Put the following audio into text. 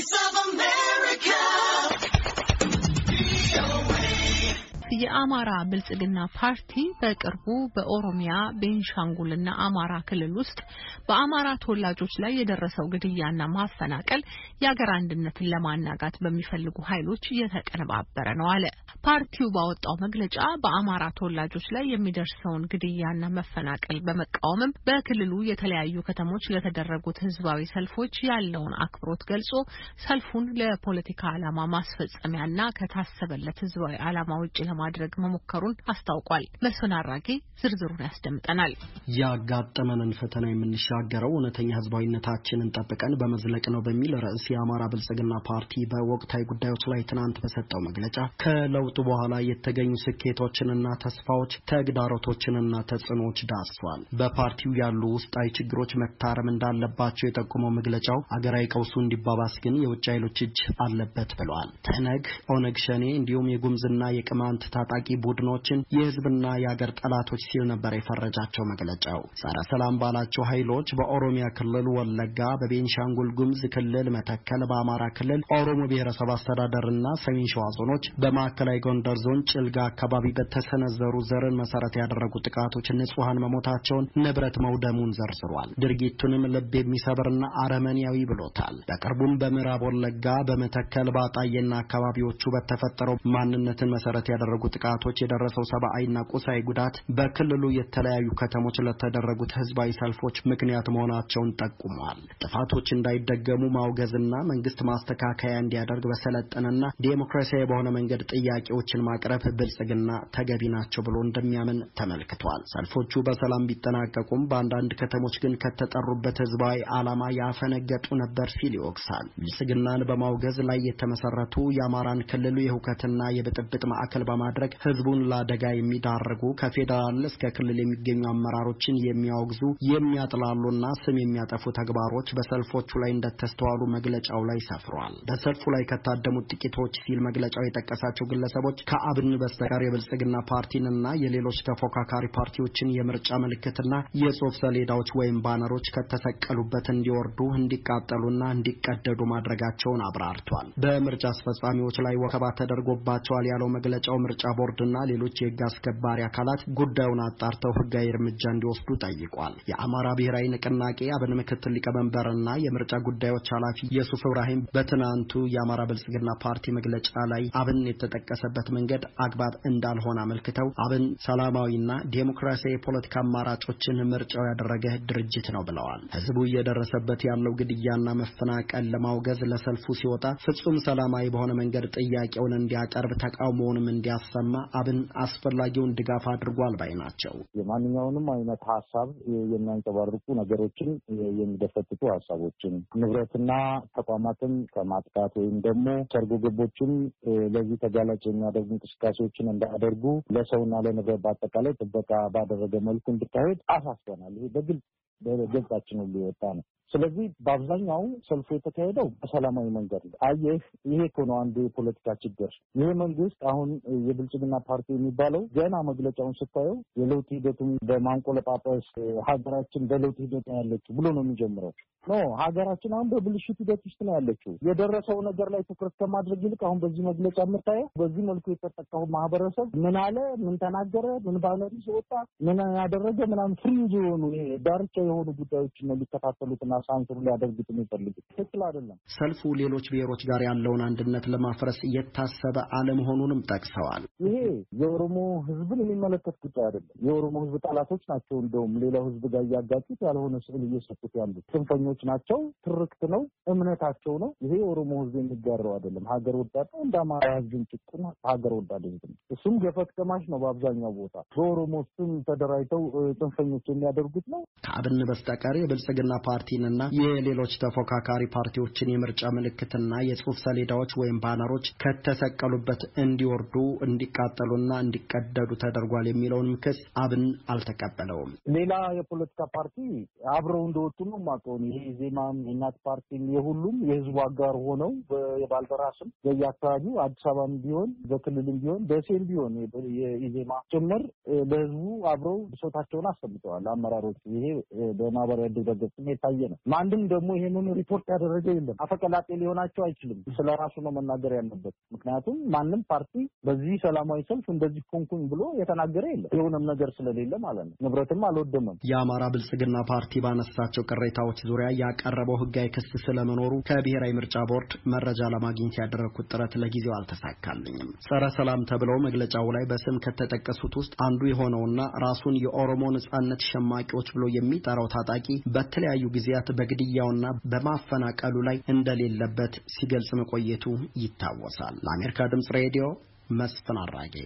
voice of የአማራ ብልጽግና ፓርቲ በቅርቡ በኦሮሚያ ቤንሻንጉልና አማራ ክልል ውስጥ በአማራ ተወላጆች ላይ የደረሰው ግድያና ማፈናቀል የአገር አንድነትን ለማናጋት በሚፈልጉ ኃይሎች እየተቀነባበረ ነው አለ። ፓርቲው ባወጣው መግለጫ በአማራ ተወላጆች ላይ የሚደርሰውን ግድያና መፈናቀል በመቃወምም በክልሉ የተለያዩ ከተሞች ለተደረጉት ህዝባዊ ሰልፎች ያለውን አክብሮት ገልጾ ሰልፉን ለፖለቲካ ዓላማ ማስፈጸሚያና ከታሰበለት ህዝባዊ ዓላማ ውጭ ለማ ለማድረግ መሞከሩን አስታውቋል። መስፍን አራጌ ዝርዝሩን ያስደምጠናል። ያጋጠመንን ፈተና የምንሻገረው እውነተኛ ህዝባዊነታችንን ጠብቀን በመዝለቅ ነው በሚል ርዕስ የአማራ ብልጽግና ፓርቲ በወቅታዊ ጉዳዮች ላይ ትናንት በሰጠው መግለጫ ከለውጡ በኋላ የተገኙ ስኬቶችንና ተስፋዎች፣ ተግዳሮቶችንና ተጽዕኖዎች ዳስሷል። በፓርቲው ያሉ ውስጣዊ ችግሮች መታረም እንዳለባቸው የጠቁመው መግለጫው አገራዊ ቀውሱ እንዲባባስ ግን የውጭ ኃይሎች እጅ አለበት ብለዋል። ትህነግ፣ ኦነግ ሸኔ እንዲሁም የጉምዝና የቅማንት ታጣቂ ቡድኖችን የህዝብና የአገር ጠላቶች ሲል ነበር የፈረጃቸው መግለጫው። ጸረ ሰላም ባላቸው ኃይሎች በኦሮሚያ ክልል ወለጋ፣ በቤንሻንጉል ጉምዝ ክልል መተከል፣ በአማራ ክልል ኦሮሞ ብሔረሰብ አስተዳደርና ሰሜን ሸዋ ዞኖች፣ በማዕከላዊ ጎንደር ዞን ጭልጋ አካባቢ በተሰነዘሩ ዘርን መሰረት ያደረጉ ጥቃቶች ንጹሐን መሞታቸውን፣ ንብረት መውደሙን ዘርዝሯል። ድርጊቱንም ልብ የሚሰብርና አረመኔያዊ ብሎታል። በቅርቡም በምዕራብ ወለጋ በመተከል በአጣዬና አካባቢዎቹ በተፈጠረው ማንነትን መሰረት ያደረጉ ጥቃቶች የደረሰው ሰብአዊና ቁሳዊ ጉዳት በክልሉ የተለያዩ ከተሞች ለተደረጉት ህዝባዊ ሰልፎች ምክንያት መሆናቸውን ጠቁሟል። ጥፋቶች እንዳይደገሙ ማውገዝና መንግስት ማስተካከያ እንዲያደርግ በሰለጠነና ዴሞክራሲያዊ በሆነ መንገድ ጥያቄዎችን ማቅረብ ብልጽግና ተገቢ ናቸው ብሎ እንደሚያምን ተመልክቷል። ሰልፎቹ በሰላም ቢጠናቀቁም በአንዳንድ ከተሞች ግን ከተጠሩበት ህዝባዊ ዓላማ ያፈነገጡ ነበር ሲል ይወቅሳል። ብልጽግናን በማውገዝ ላይ የተመሰረቱ የአማራን ክልሉ የሁከትና የብጥብጥ ማዕከል በማድረግ በማድረግ ህዝቡን ለአደጋ የሚዳርጉ ከፌዴራል እስከ ክልል የሚገኙ አመራሮችን የሚያወግዙ የሚያጥላሉና ስም የሚያጠፉ ተግባሮች በሰልፎቹ ላይ እንደተስተዋሉ መግለጫው ላይ ሰፍሯል። በሰልፉ ላይ ከታደሙት ጥቂቶች ሲል መግለጫው የጠቀሳቸው ግለሰቦች ከአብን በስተቀር የብልጽግና ፓርቲንና የሌሎች ተፎካካሪ ፓርቲዎችን የምርጫ ምልክትና የጽሁፍ ሰሌዳዎች ወይም ባነሮች ከተሰቀሉበት እንዲወርዱ እንዲቃጠሉና እንዲቀደዱ ማድረጋቸውን አብራርቷል። በምርጫ አስፈጻሚዎች ላይ ወከባ ተደርጎባቸዋል ያለው መግለጫው ምርጫ ቦርድና ሌሎች የህግ አስከባሪ አካላት ጉዳዩን አጣርተው ህጋዊ እርምጃ እንዲወስዱ ጠይቋል። የአማራ ብሔራዊ ንቅናቄ አብን ምክትል ሊቀመንበርና የምርጫ ጉዳዮች ኃላፊ የሱፍ ብራሂም በትናንቱ የአማራ ብልጽግና ፓርቲ መግለጫ ላይ አብን የተጠቀሰበት መንገድ አግባብ እንዳልሆነ አመልክተው አብን ሰላማዊና ዴሞክራሲያዊ የፖለቲካ አማራጮችን ምርጫው ያደረገ ድርጅት ነው ብለዋል። ህዝቡ እየደረሰበት ያለው ግድያና መፈናቀል ለማውገዝ ለሰልፉ ሲወጣ ፍጹም ሰላማዊ በሆነ መንገድ ጥያቄውን እንዲያቀርብ ተቃውሞውንም እንዲያስ እንዲያሰማ አብን አስፈላጊውን ድጋፍ አድርጓል ባይ ናቸው። የማንኛውንም አይነት ሀሳብ የሚያንጸባርቁ ነገሮችን፣ የሚደፈጥጡ ሀሳቦችን ንብረትና ተቋማትን ከማጥቃት ወይም ደግሞ ሰርጎ ገቦችን ለዚህ ተጋላጭ የሚያደርጉ እንቅስቃሴዎችን እንዳያደርጉ ለሰውና ለንብረት በአጠቃላይ ጥበቃ ባደረገ መልኩ እንዲካሄድ አሳስበናል። ይሄ በግልጽ በገጻችን ሁሉ የወጣ ነው። ስለዚህ በአብዛኛው ሰልፉ የተካሄደው በሰላማዊ መንገድ ነው። አየህ ይሄ እኮ ነው አንዱ የፖለቲካ ችግር። ይሄ መንግስት አሁን የብልጽግና ፓርቲ የሚባለው ገና መግለጫውን ስታየው የለውጥ ሂደቱን በማንቆለጳጳስ ሀገራችን በለውጥ ሂደት ነው ያለችው ብሎ ነው የሚጀምረው። ኖ ሀገራችን አሁን በብልሽት ሂደት ውስጥ ነው ያለችው። የደረሰው ነገር ላይ ትኩረት ከማድረግ ይልቅ አሁን በዚህ መግለጫ የምታየው በዚህ መልኩ የተጠቀሙ ማህበረሰብ ምን አለ፣ ምን ተናገረ፣ ምን ባነሪ ወጣ፣ ምን ያደረገ ምናምን ፍሪንጅ የሆኑ ዳርቻ የሆኑ ጉዳዮችን ነው ሊከታተሉትና ሊያደርጉት የሚፈልጉት። ትክክል አይደለም። ሰልፉ ሌሎች ብሔሮች ጋር ያለውን አንድነት ለማፍረስ የታሰበ አለመሆኑንም ጠቅሰዋል። ይሄ የኦሮሞ ህዝብን የሚመለከት ጉዳይ አይደለም። የኦሮሞ ህዝብ ጠላቶች ናቸው። እንደውም ሌላው ህዝብ ጋር እያጋጩት ያልሆነ ስዕል እየሰጡት ያሉት ጽንፈኞች ናቸው። ትርክት ነው፣ እምነታቸው ነው። ይሄ የኦሮሞ ህዝብ የሚጋራው አይደለም። ሀገር ወዳድ ነው። እንደ አማራ ህዝብን ጭቁን ሀገር ወዳድ ህዝብ ነው። እሱም ገፈት ቀማሽ ነው። በአብዛኛው ቦታ በኦሮሞ ስም ተደራጅተው ጽንፈኞች የሚያደርጉት ነው። ከአብን ካልን በስተቀር የብልጽግና ፓርቲንና የሌሎች ተፎካካሪ ፓርቲዎችን የምርጫ ምልክትና የጽሁፍ ሰሌዳዎች ወይም ባነሮች ከተሰቀሉበት እንዲወርዱ እንዲቃጠሉና እንዲቀደዱ ተደርጓል የሚለውንም ክስ አብን አልተቀበለውም። ሌላ የፖለቲካ ፓርቲ አብረው እንደወጡ ነው ማቀሆን ይሄ ዜማም የእናት ፓርቲም የሁሉም የህዝቡ አጋር ሆነው የባልደራስም በየአካባቢው አዲስ አበባም ቢሆን በክልልም ቢሆን በሴል ቢሆን የኢዜማ ጭምር ለህዝቡ አብረው ብሶታቸውን አሰምተዋል አመራሮቹ ይሄ በማህበራዊ ድረገጽ የታየ ነው። ማንም ደግሞ ይህንኑ ሪፖርት ያደረገ የለም። አፈቀላጤ ሊሆናቸው አይችልም። ስለ ራሱ ነው መናገር ያለበት። ምክንያቱም ማንም ፓርቲ በዚህ ሰላማዊ ሰልፍ እንደዚህ ኮንኩኝ ብሎ የተናገረ የለም። የሆነም ነገር ስለሌለ ማለት ነው። ንብረትም አልወደመም። የአማራ ብልጽግና ፓርቲ ባነሳቸው ቅሬታዎች ዙሪያ ያቀረበው ህጋዊ ክስ ስለመኖሩ ከብሔራዊ ምርጫ ቦርድ መረጃ ለማግኘት ያደረግኩት ጥረት ለጊዜው አልተሳካልኝም። ጸረ ሰላም ተብለው መግለጫው ላይ በስም ከተጠቀሱት ውስጥ አንዱ የሆነውና ራሱን የኦሮሞ ነጻነት ሸማቂዎች ብሎ የሚጠራው የሚጠራው ታጣቂ በተለያዩ ጊዜያት በግድያውና በማፈናቀሉ ላይ እንደሌለበት ሲገልጽ መቆየቱ ይታወሳል። ለአሜሪካ ድምፅ ሬዲዮ መስፍን አራጌ